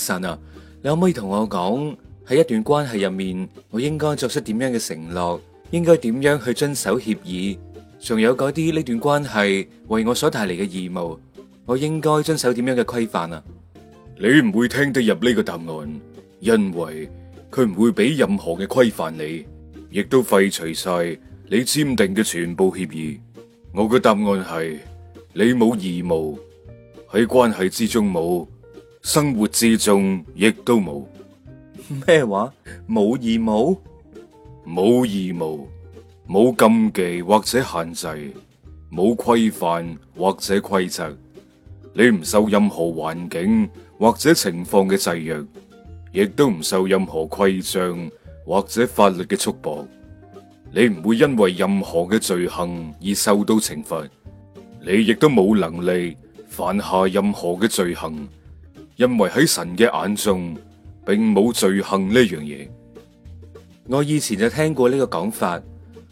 神啊，你可唔可以同我講喺一段關係入面，我應該作出點樣嘅承諾？應該點樣去遵守協議？仲有嗰啲呢段關係為我所帶嚟嘅義務，我應該遵守點樣嘅規範啊？你唔會聽得入呢個答案，因為佢唔會俾任何嘅規範你，亦都廢除晒你簽訂嘅全部協議。我個答案係：你冇義務，喺關係之中冇。生活之中亦都冇咩話，冇義務，冇義務，冇禁忌或者限制，冇規範或者規則，你唔受任何環境或者情況嘅制約，亦都唔受任何規章或者法律嘅束縛，你唔會因為任何嘅罪行而受到懲罰，你亦都冇能力犯下任何嘅罪行。因為喺神嘅眼中並冇罪行呢樣嘢。我以前就聽過呢個講法，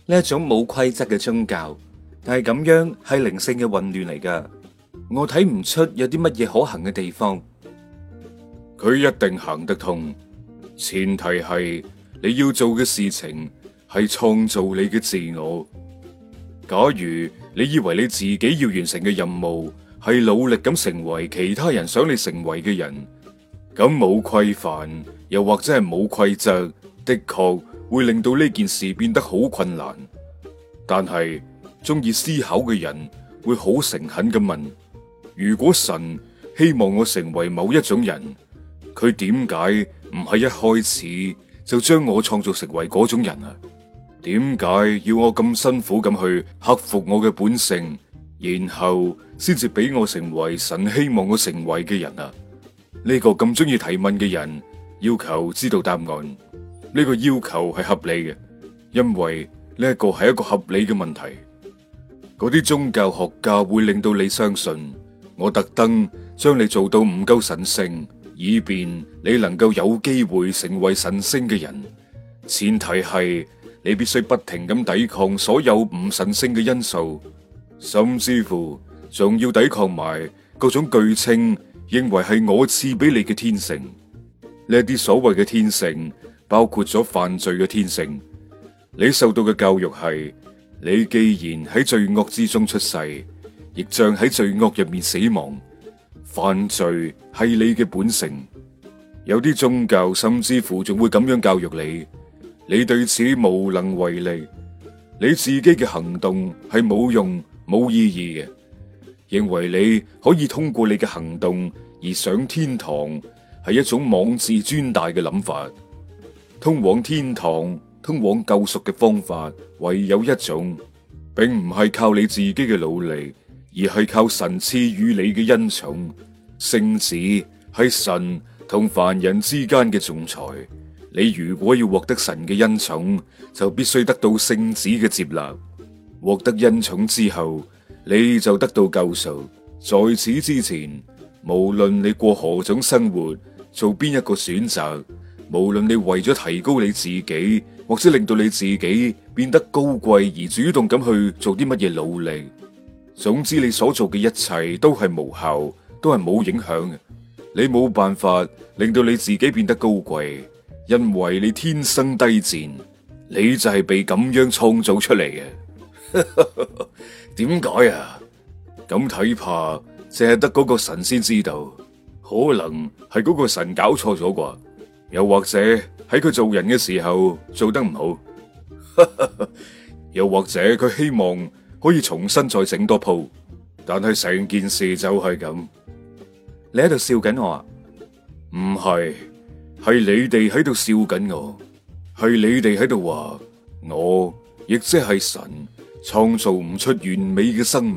呢一種冇規則嘅宗教，但係咁樣係靈性嘅混亂嚟噶。我睇唔出有啲乜嘢可行嘅地方。佢一定行得通，前提係你要做嘅事情係創造你嘅自我。假如你以為你自己要完成嘅任務。係努力咁成為其他人想你成為嘅人，咁冇規範，又或者係冇規則，的確會令到呢件事變得好困難。但係中意思考嘅人會好誠懇咁問：如果神希望我成為某一種人，佢點解唔係一開始就將我創造成為嗰種人啊？點解要我咁辛苦咁去克服我嘅本性？然後先至俾我成為神希望我成為嘅人啊！呢個咁中意提問嘅人要求知道答案，呢個要求係合理嘅，因為呢一個係一個合理嘅問題。嗰啲宗教學家會令到你相信，我特登將你做到唔夠神聖，以便你能夠有機會成為神聖嘅人。前提係你必須不停咁抵抗所有唔神聖嘅因素。甚至乎仲要抵抗埋各種巨稱，認為係我賜俾你嘅天性。呢啲所謂嘅天性，包括咗犯罪嘅天性。你受到嘅教育係，你既然喺罪惡之中出世，亦將喺罪惡入面死亡。犯罪係你嘅本性。有啲宗教甚至乎仲會咁樣教育你，你對此無能為力。你自己嘅行動係冇用。冇意義嘅，認為你可以通過你嘅行動而上天堂，係一種妄自尊大嘅諗法。通往天堂、通往救贖嘅方法，唯有一種，並唔係靠你自己嘅努力，而係靠神賜予你嘅恩寵。聖子係神同凡人之間嘅仲裁，你如果要獲得神嘅恩寵，就必須得到聖子嘅接納。獲得恩寵之後，你就得到救贖。在此之前，無論你過何種生活，做邊一個選擇，無論你為咗提高你自己，或者令到你自己變得高貴而主動咁去做啲乜嘢努力，總之你所做嘅一切都係無效，都係冇影響嘅。你冇辦法令到你自己變得高貴，因為你天生低賤，你就係被咁樣創造出嚟嘅。點解啊？咁睇 怕淨係得嗰個神仙知道，可能係嗰個神搞錯咗啩，又或者喺佢做人嘅時候做得唔好， 又或者佢希望可以重新再整多鋪，但係成件事就係咁。你喺度笑緊我啊？唔係，係你哋喺度笑緊我，係你哋喺度話我，亦即係神。創造唔出完美嘅生命，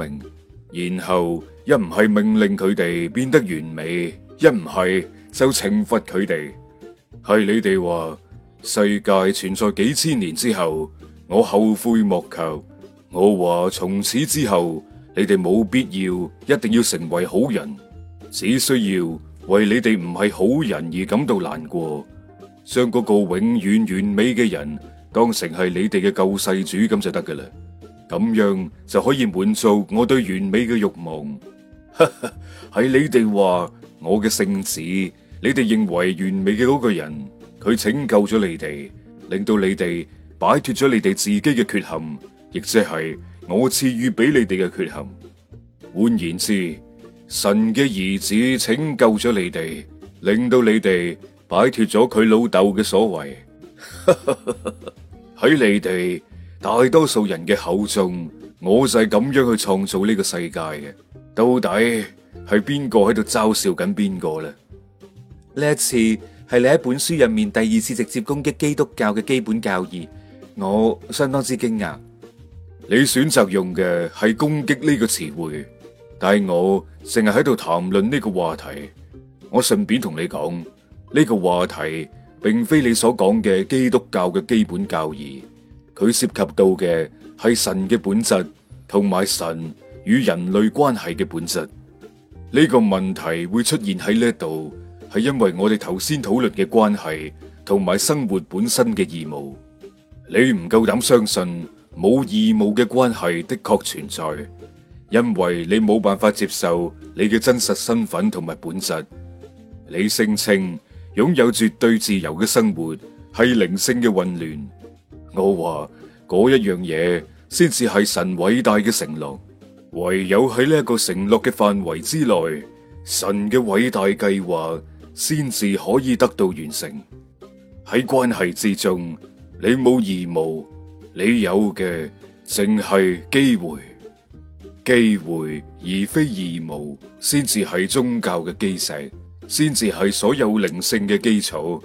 然後一唔係命令佢哋變得完美，一唔係就懲罰佢哋。係你哋話「世界存在幾千年之後，我後悔莫及。」我話從此之後，你哋冇必要一定要成為好人，只需要為你哋唔係好人而感到難過，將嗰個永遠完美嘅人當成係你哋嘅救世主咁就得噶啦。咁樣就可以滿足我對完美嘅慾望。係 你哋話我嘅聖子，你哋認為完美嘅嗰個人，佢拯救咗你哋，令到你哋擺脫咗你哋自己嘅缺陷，亦即係我賜予俾你哋嘅缺陷。換言之，神嘅兒子拯救咗你哋，令到你哋擺脫咗佢老豆嘅所為。喺 你哋。大多數人嘅口中，我就係咁樣去創造呢個世界嘅。到底係邊個喺度嘲笑緊邊個咧？呢一次係你喺本書入面第二次直接攻擊基督教嘅基本教義，我相當之驚訝。你選擇用嘅係攻擊呢個詞彙，但係我淨係喺度談論呢個話題。我順便同你講，呢個話題並非你所講嘅基督教嘅基本教義。佢涉及到嘅係神嘅本質，同埋神與人類關係嘅本質。呢個問題會出現喺呢度，係因為我哋頭先討論嘅關係，同埋生活本身嘅義務。你唔夠膽相信冇義務嘅關係的確存在，因為你冇辦法接受你嘅真實身份同埋本質。你聲稱擁有絕對自由嘅生活係靈性嘅混亂。我話嗰一樣嘢先至係神偉大嘅承諾，唯有喺呢一個承諾嘅範圍之內，神嘅偉大計劃先至可以得到完成。喺關係之中，你冇義務，你有嘅淨係機會，機會而非義務，先至係宗教嘅基石，先至係所有靈性嘅基礎。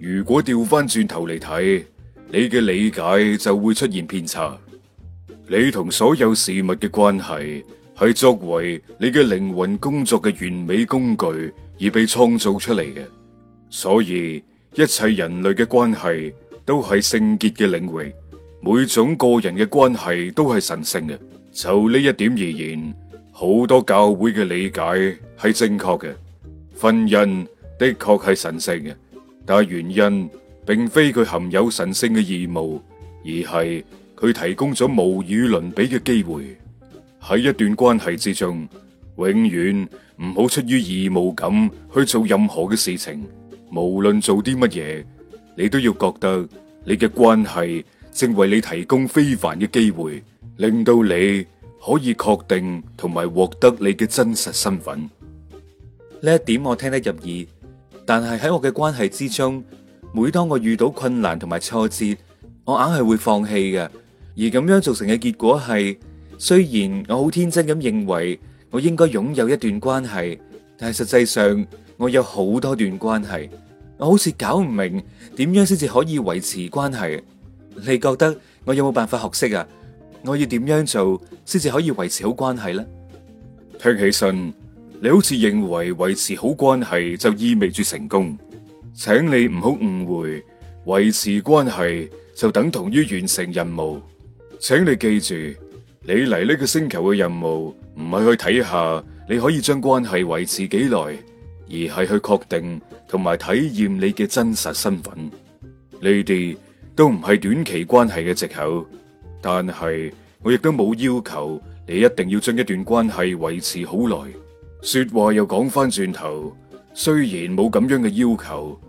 如果調翻轉頭嚟睇，你嘅理解就會出現偏差。你同所有事物嘅關係係作為你嘅靈魂工作嘅完美工具而被創造出嚟嘅，所以一切人類嘅關係都係聖潔嘅領域。每種個人嘅關係都係神聖嘅。就呢一點而言，好多教會嘅理解係正確嘅。婚姻的確係神聖嘅，但原因。並非佢含有神聖嘅義務，而係佢提供咗無與倫比嘅機會。喺一段關係之中，永遠唔好出於義務感去做任何嘅事情。無論做啲乜嘢，你都要覺得你嘅關係正為你提供非凡嘅機會，令到你可以確定同埋獲得你嘅真實身份。呢一點我聽得入耳，但係喺我嘅關係之中。每當我遇到困難同埋挫折，我硬係會放棄嘅。而咁樣造成嘅結果係，雖然我好天真咁認為我應該擁有一段關係，但係實際上我有好多段關係，我好似搞唔明點樣先至可以維持關係。你覺得我有冇辦法學識啊？我要點樣做先至可以維持好關係呢？聽起嚟，你好似認為維持好關係就意味住成功。請你唔好誤會，維持關係就等同於完成任務。請你記住，你嚟呢個星球嘅任務唔係去睇下你可以將關係維持幾耐，而係去確定同埋體驗你嘅真實身份。呢啲都唔係短期關係嘅借口，但係我亦都冇要求你一定要將一段關係維持好耐。說話又講返轉頭，雖然冇咁樣嘅要求，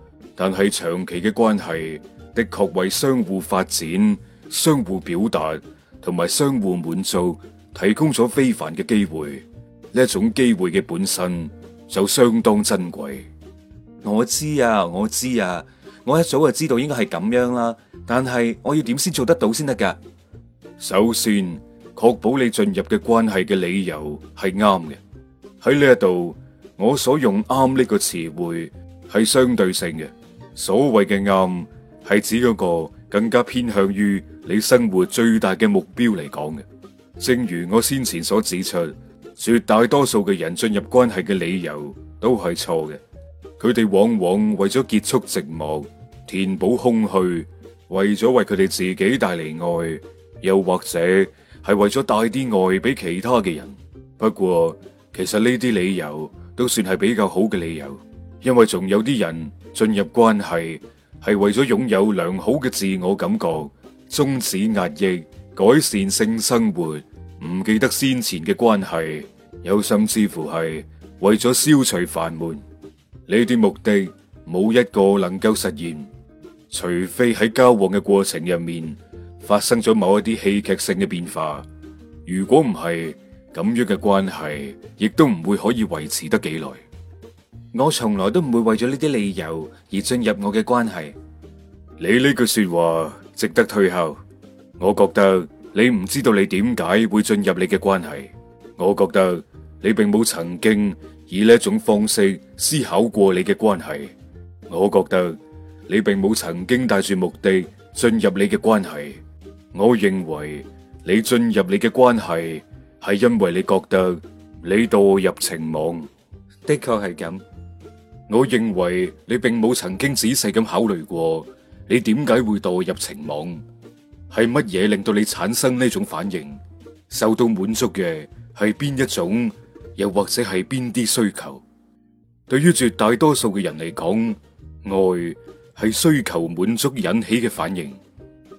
但係長期嘅關係的確為相互發展、相互表達同埋相互滿足提供咗非凡嘅機會。呢種機會嘅本身就相當珍貴。我知啊，我知啊，我一早就知道應該係咁樣啦。但係我要點先做得到先得噶？首先，確保你進入嘅關係嘅理由係啱嘅。喺呢一度，我所用啱呢個詞彙係相對性嘅。所謂嘅啱，係指嗰個更加偏向於你生活最大嘅目標嚟講嘅。正如我先前所指出，絕大多數嘅人進入關係嘅理由都係錯嘅。佢哋往往為咗結束寂寞、填補空虛，為咗為佢哋自己帶嚟愛，又或者係為咗帶啲愛俾其他嘅人。不過，其實呢啲理由都算係比較好嘅理由，因為仲有啲人。進入關係係為咗擁有良好嘅自我感覺，終止壓抑，改善性生活，唔記得先前嘅關係，有甚至乎係為咗消除煩悶。呢啲目的冇一個能夠實現，除非喺交往嘅過程入面發生咗某一啲戲劇性嘅變化。如果唔係，咁樣嘅關係亦都唔會可以維持得幾耐。我從來都唔會為咗呢啲理由而進入我嘅關係。你呢句說話值得退後。我覺得你唔知道你點解會進入你嘅關係。我覺得你並冇曾經以呢種方式思考過你嘅關係。我覺得你並冇曾經帶住目的進入你嘅關係。我認為你進入你嘅關係係因為你覺得你墮入情網。的確係咁。我認為你並冇曾經仔細咁考慮過，你點解會墮入情網？係乜嘢令到你產生呢種反應？受到滿足嘅係邊一種？又或者係邊啲需求？對於絕大多數嘅人嚟講，愛係需求滿足引起嘅反應。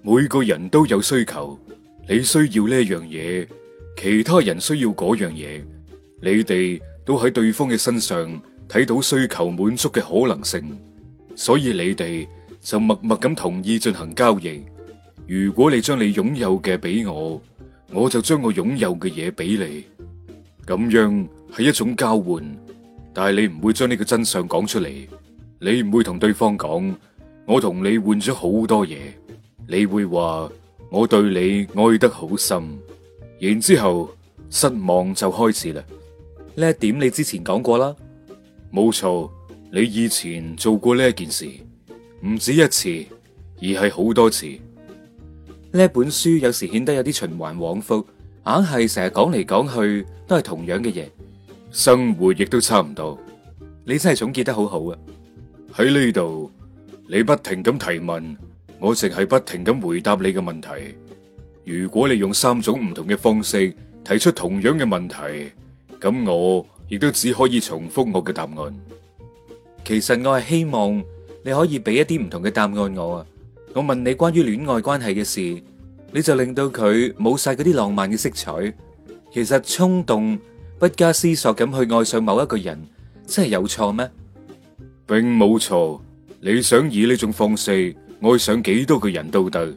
每個人都有需求，你需要呢樣嘢，其他人需要嗰樣嘢，你哋都喺對方嘅身上，睇到需求滿足嘅可能性，所以你哋就默默咁同意進行交易。如果你將你擁有嘅俾我，我就將我擁有嘅嘢俾你。咁樣係一種交換，但係你唔會將呢個真相講出嚟。你唔會同對方講，我同你換咗好多嘢。你會話我對你愛得好深，然之後失望就開始啦。呢一點你之前講過啦。冇錯，你以前做過呢一件事，唔止一次，而係好多次。呢一本書有時顯得有啲循環往復，硬係成日講嚟講去都係同樣嘅嘢。生活亦都差唔多。你真係總結得好好啊！喺呢度，你不停咁提問，我淨係不停咁回答你嘅問題。如果你用三種唔同嘅方式提出同樣嘅問題，咁我。亦都只可以重複我嘅答案。其實我係希望你可以俾一啲唔同嘅答案我啊。我問你關於戀愛關係嘅事，你就令到佢冇晒嗰啲浪漫嘅色彩。其實衝動，不加思索咁去愛上某一個人，真係有錯咩？並冇錯。你想以呢種方式愛上幾多個人都得，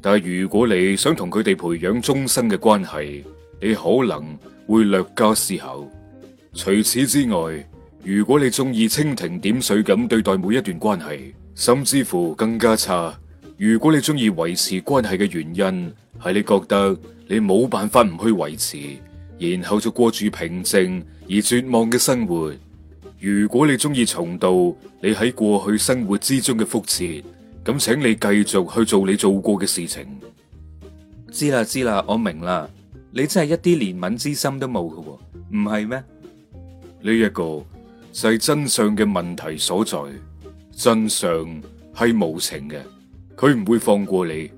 但係如果你想同佢哋培養終生嘅關係，你可能會略加思考。除此之外，如果你中意蜻蜓點水咁對待每一段關係，甚至乎更加差。如果你中意維持關係嘅原因係你覺得你冇辦法唔去維持，然後就過住平靜而絕望嘅生活。如果你中意重蹈你喺過去生活之中嘅覆轍，咁請你繼續去做你做過嘅事情。知啦，知啦，我明啦。你真係一啲憐憫之心都冇㗎喎，唔係咩？呢一個就係真相嘅問題所在。真相係無情嘅，佢唔會放過你，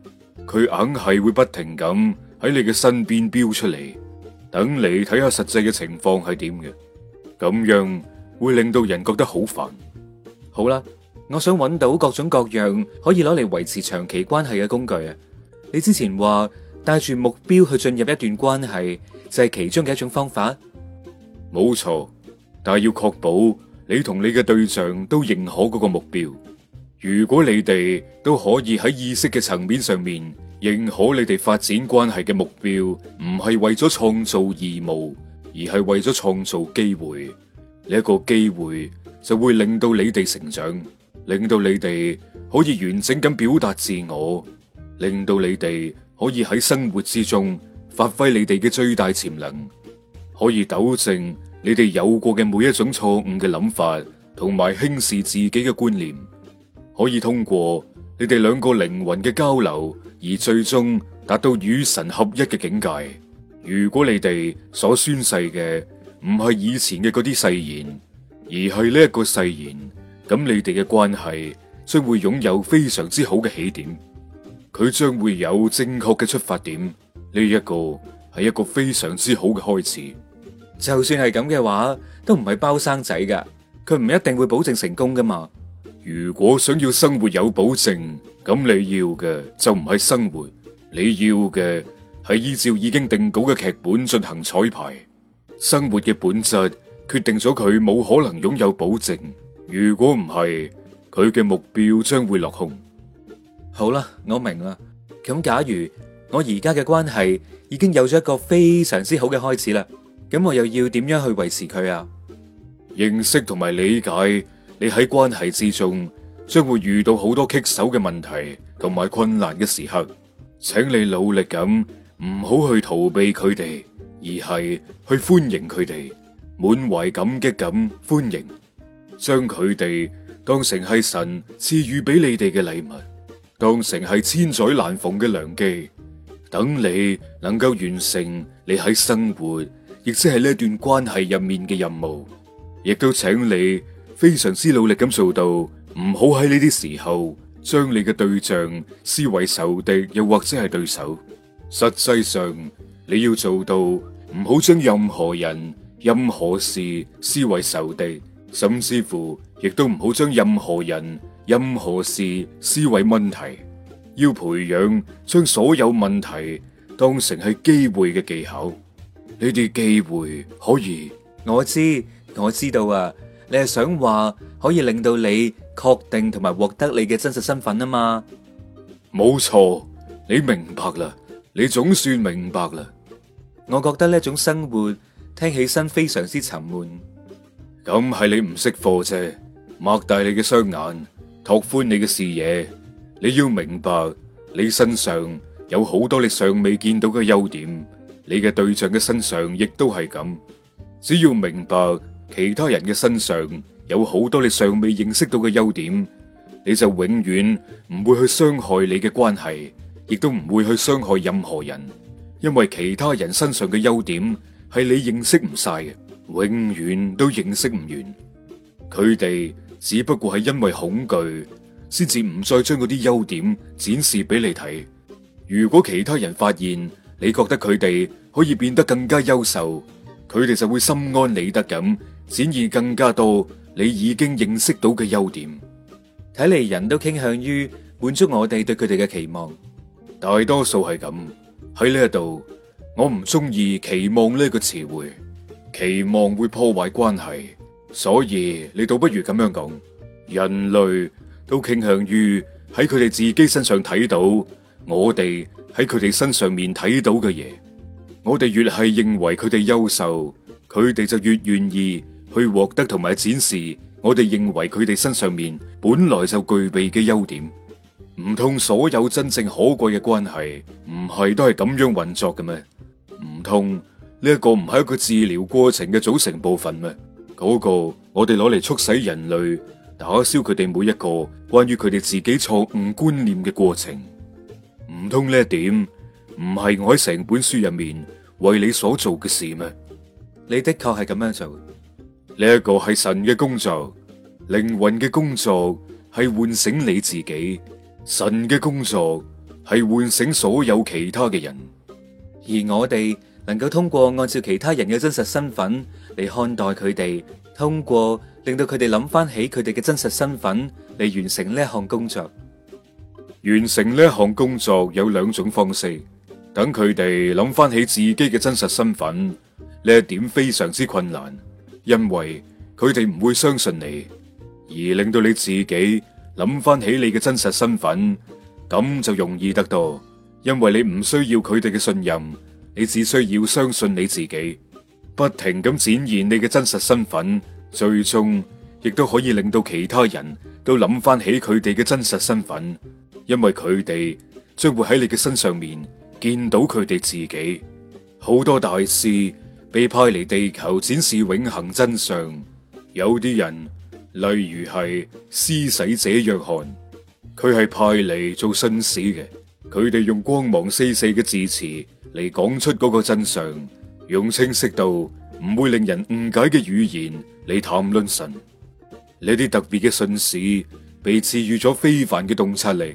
佢硬係會不停咁喺你嘅身邊飆出嚟，等你睇下實際嘅情況係點嘅。咁樣會令到人覺得好煩。好啦，我想揾到各種各樣可以攞嚟維持長期關係嘅工具啊。你之前話帶住目標去進入一段關係就係其中嘅一種方法，冇錯。但要確保你同你嘅對象都認可嗰個目標。如果你哋都可以喺意識嘅層面上面認可你哋發展關係嘅目標，唔係為咗創造義務，而係為咗創造機會，呢個機會就會令到你哋成長，令到你哋可以完整咁表達自我，令到你哋可以喺生活之中發揮你哋嘅最大潛能，可以糾正。你哋有過嘅每一種錯誤嘅諗法，同埋輕視自己嘅觀念，可以通過你哋兩個靈魂嘅交流，而最終達到與神合一嘅境界。如果你哋所宣誓嘅唔係以前嘅嗰啲誓言，而係呢一個誓言，咁你哋嘅關係將會擁有非常之好嘅起點。佢將會有正確嘅出發點，呢一個係一個非常之好嘅開始。就算係咁嘅話，都唔係包生仔噶，佢唔一定會保證成功噶嘛。如果想要生活有保證，咁你要嘅就唔係生活，你要嘅係依照已經定稿嘅劇本進行彩排。生活嘅本質決定咗佢冇可能擁有保證。如果唔係，佢嘅目標將會落空。好啦，我明啦。咁假如我而家嘅關係已經有咗一個非常之好嘅開始啦。咁我又要點樣去維持佢啊？認識同埋理解你喺關係之中，將會遇到好多棘手嘅問題同埋困難嘅時刻，請你努力咁唔好去逃避佢哋，而係去歡迎佢哋，滿懷感激咁歡迎，將佢哋當成係神賜予俾你哋嘅禮物，當成係千載難逢嘅良機，等你能夠完成你喺生活。亦即係呢段關係入面嘅任務，亦都請你非常之努力咁做到，唔好喺呢啲時候將你嘅對象視為仇敵，又或者係對手。實際上，你要做到唔好將任何人、任何事視為仇敵，甚至乎亦都唔好將任何人、任何事視為問題。要培養將所有問題當成係機會嘅技巧。呢啲機會可以，我知我知道啊！你係想話可以令到你確定同埋獲得你嘅真實身份啊嘛？冇錯，你明白啦，你總算明白啦。我覺得呢種生活聽起身非常之沉悶。咁係你唔識貨啫！擘大你嘅雙眼，拓寬你嘅視野。你要明白，你身上有好多你尚未見到嘅優點。你嘅對象嘅身上亦都係咁，只要明白其他人嘅身上有好多你尚未認識到嘅優點，你就永遠唔會去傷害你嘅關係，亦都唔會去傷害任何人，因為其他人身上嘅優點係你認識唔晒嘅，永遠都認識唔完。佢哋只不過係因為恐懼，先至唔再將嗰啲優點展示俾你睇。如果其他人發現，你覺得佢哋可以變得更加優秀，佢哋就會心安理得咁展現更加多你已經認識到嘅優點。睇嚟人都傾向於滿足我哋對佢哋嘅期望，大多數係咁。喺呢一度，我唔中意期望呢個詞彙，期望會破壞關係，所以你倒不如咁樣講：人類都傾向於喺佢哋自己身上睇到我哋。喺佢哋身上面睇到嘅嘢，我哋越係認為佢哋優秀，佢哋就越願意去獲得同埋展示我哋認為佢哋身上面本來就具備嘅優點。唔通所有真正可貴嘅關係唔係都係咁樣運作嘅咩？唔通呢一個唔係一個治療過程嘅組成部分咩？嗰個我哋攞嚟促使人類打消佢哋每一個關於佢哋自己錯誤觀念嘅過程。唔通呢一點唔係我喺成本書入面為你所做嘅事咩？你的確係咁樣做。呢一個係神嘅工作，靈魂嘅工作係喚醒你自己；神嘅工作係喚醒所有其他嘅人。而我哋能夠通過按照其他人嘅真實身份嚟看待佢哋，通過令到佢哋諗翻起佢哋嘅真實身份嚟完成呢一項工作。完成呢一項工作有兩種方式，等佢哋諗翻起自己嘅真實身份，呢一點非常之困難，因為佢哋唔會相信你，而令到你自己諗翻起你嘅真實身份，咁就容易得多，因為你唔需要佢哋嘅信任，你只需要相信你自己，不停咁展現你嘅真實身份，最終亦都可以令到其他人都諗翻起佢哋嘅真實身份。因為佢哋將會喺你嘅身上面見到佢哋自己，好多大師被派嚟地球展示永恒真相。有啲人，例如係施洗者約翰，佢係派嚟做信使嘅。佢哋用光芒四射嘅字詞嚟講出嗰個真相，用清晰到唔會令人誤解嘅語言嚟談論神。呢啲特別嘅信使被賜予咗非凡嘅洞察力。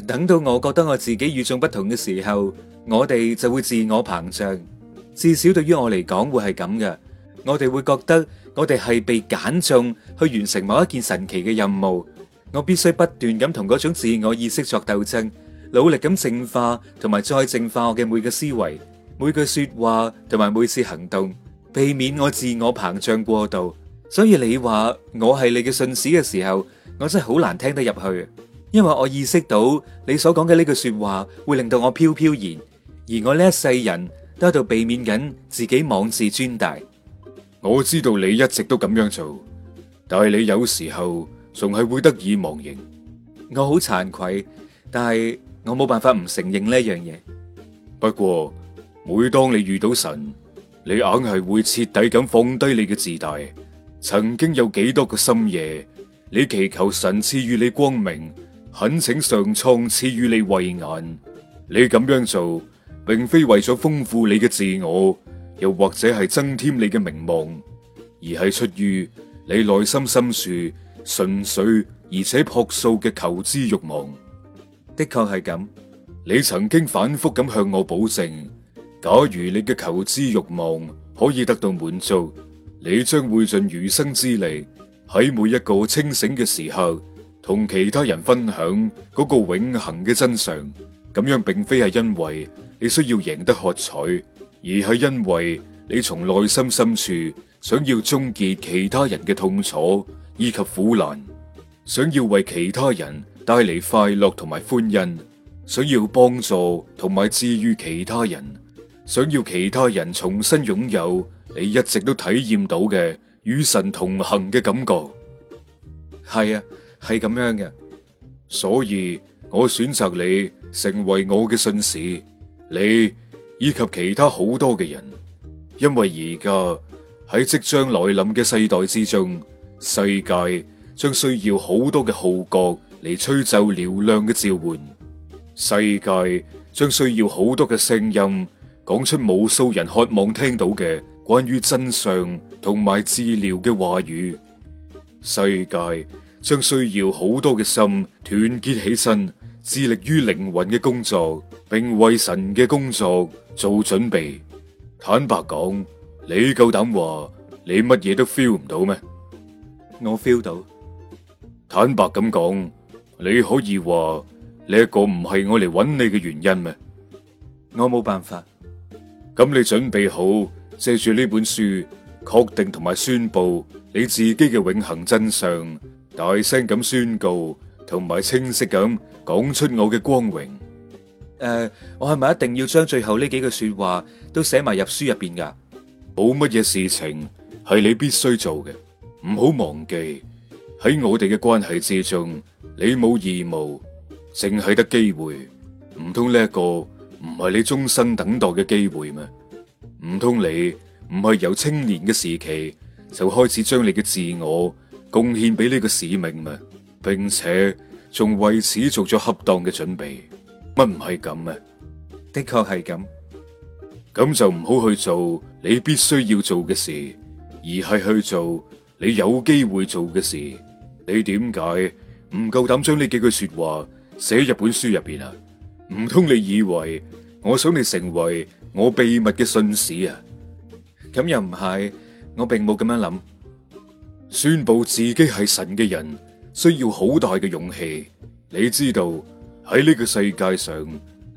等到我覺得我自己與眾不同嘅時候，我哋就會自我膨脹。至少對於我嚟講會係咁嘅，我哋會覺得我哋係被揀中去完成某一件神奇嘅任務。我必須不斷咁同嗰種自我意識作鬥爭，努力咁淨化同埋再淨化我嘅每個思維、每句說話同埋每次行動，避免我自我膨脹過度。所以你話我係你嘅信使嘅時候，我真係好難聽得入去。因為我意識到你所講嘅呢句說話會令到我飄飄然，而我呢一世人都喺度避免緊自己妄自尊大。我知道你一直都咁樣做，但係你有時候仲係會得意忘形。我好慚愧，但係我冇辦法唔承認呢樣嘢。不過每當你遇到神，你硬係會徹底咁放低你嘅自大。曾經有幾多個深夜，你祈求神賜予你光明。懇請上蒼賜予你慧眼，你咁樣做並非為咗豐富你嘅自我，又或者係增添你嘅名望，而係出於你內心深處純粹而且朴素嘅求知欲望。的確係咁，你曾經反覆咁向我保證，假如你嘅求知欲望可以得到滿足，你將會盡餘生之力喺每一個清醒嘅時候。同其他人分享嗰個永恆嘅真相，咁樣並非係因為你需要贏得喝彩，而係因為你從內心深處想要終結其他人嘅痛楚以及苦難，想要為其他人帶嚟快樂同埋歡欣，想要幫助同埋治癒其他人，想要其他人重新擁有你一直都體驗到嘅與神同行嘅感覺。係啊。係咁樣嘅，所以我選擇你成為我嘅信使，你以及其他好多嘅人，因為而家喺即將來臨嘅世代之中，世界將需要好多嘅號角嚟吹奏嘹亮嘅召喚，世界將需要好多嘅聲音，講出無數人渴望聽到嘅關於真相同埋治療嘅話語，世界。將需要好多嘅心團結起身，致力於靈魂嘅工作，並為神嘅工作做準備。坦白講，你夠膽話你乜嘢都 feel 唔到咩？我 feel 到。坦白咁講，你可以話呢一個唔係我嚟揾你嘅原因咩？我冇辦法。咁你準備好借住呢本書，確定同埋宣布你自己嘅永恆真相。大聲咁宣告，同埋清晰咁講出我嘅光榮。誒，uh, 我係咪一定要將最後呢幾句說話都寫埋入書入邊噶？冇乜嘢事情係你必須做嘅。唔好忘記喺我哋嘅關係之中，你冇義務，淨係得機會。唔通呢一個唔係你終身等待嘅機會咩？唔通你唔係由青年嘅時期就開始將你嘅自我？貢獻俾呢個使命啊，並且仲為此做咗恰當嘅準備，乜唔係咁啊？的確係咁，咁就唔好去做你必須要做嘅事，而係去做你有機會做嘅事。你點解唔夠膽將呢幾句說話寫入本書入邊啊？唔通你以為我想你成為我秘密嘅信使啊？咁又唔係，我並冇咁樣諗。宣布自己係神嘅人，需要好大嘅勇氣。你知道，喺呢個世界上，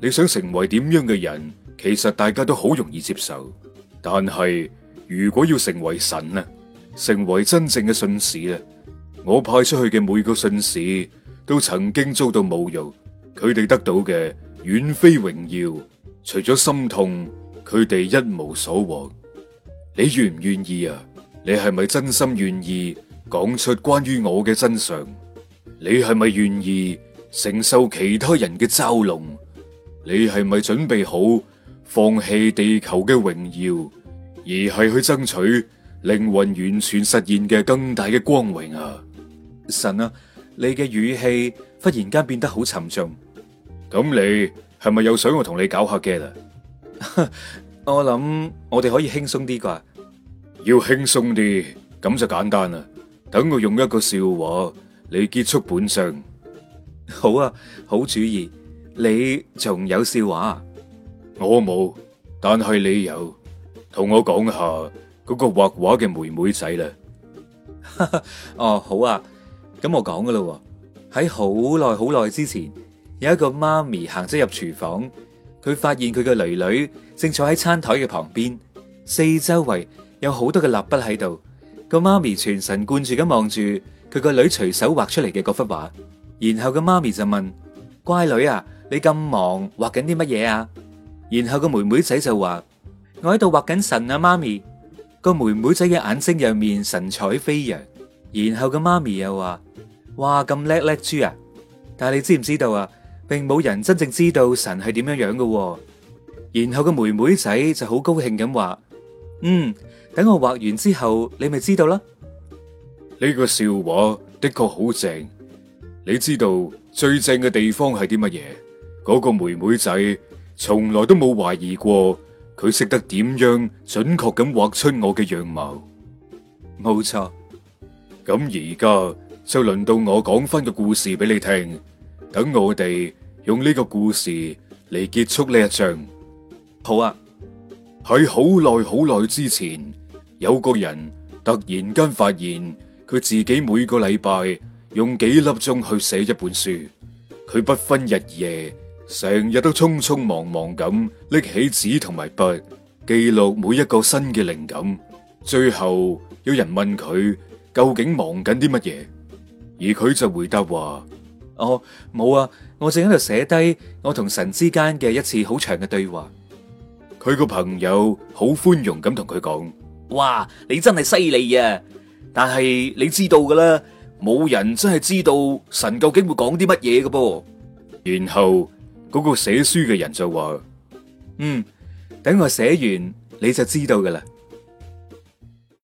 你想成為點樣嘅人，其實大家都好容易接受。但係如果要成為神呢，成為真正嘅信使呢，我派出去嘅每個信使都曾經遭到侮辱，佢哋得到嘅遠非榮耀，除咗心痛，佢哋一無所獲。你願唔願意啊？你係咪真心願意講出關於我嘅真相？你係咪願意承受其他人嘅嘲弄？你係咪準備好放棄地球嘅榮耀，而係去爭取靈魂完全實現嘅更大嘅光榮啊？神啊！你嘅語氣忽然間變得好沉重。咁你係咪又想我同你搞下嘅 a 我諗我哋可以輕鬆啲啩。要輕鬆啲，咁就簡單啦。等我用一個笑話嚟結束本章。好啊，好主意。你仲有笑話啊？我冇，但係你有，同我講下嗰個畫畫嘅妹妹仔啦。哦，好啊，咁我講噶啦。喺好耐好耐之前，有一個媽咪行咗入廚房，佢發現佢嘅囡囡正坐喺餐檯嘅旁邊，四周圍。有好多嘅蠟筆喺度，個媽咪全神貫注咁望住佢個女隨手畫出嚟嘅嗰幅畫，然後個媽咪就問：乖女啊，你咁忙畫緊啲乜嘢啊？然後個妹妹仔就話：我喺度畫緊神啊，媽咪。個妹妹仔嘅眼睛入面神采飛揚。然後個媽咪又話：哇，咁叻叻豬啊！但係你知唔知道啊？並冇人真正知道神係點樣樣㗎喎。然後個妹妹仔就好高興咁話：嗯。等我畫完之後，你咪知道囉。呢個笑話的確好正。你知道最正嘅地方係啲乜嘢？嗰個妹妹仔從來都冇懷疑過，佢識得點樣準確咁畫出我嘅樣貌。冇錯。咁而家就輪到我講翻個故事俾你聽。等我哋用呢個故事嚟結束呢一章。好啊。喺好耐好耐之前。有個人突然間發現佢自己每個禮拜用幾粒鐘去寫一本書，佢不分日夜，成日都匆匆忙忙咁拎起紙同埋筆記錄每一個新嘅靈感。最後有人問佢究竟忙緊啲乜嘢，而佢就回答話：哦，冇啊，我正喺度寫低我同神之間嘅一次好長嘅對話。佢個朋友好寬容咁同佢講。哇，你真係犀利啊！但係你知道噶啦，冇人真係知道神究竟會講啲乜嘢噶噃。然後嗰個寫書嘅人就話：嗯，等我寫完你就知道噶啦。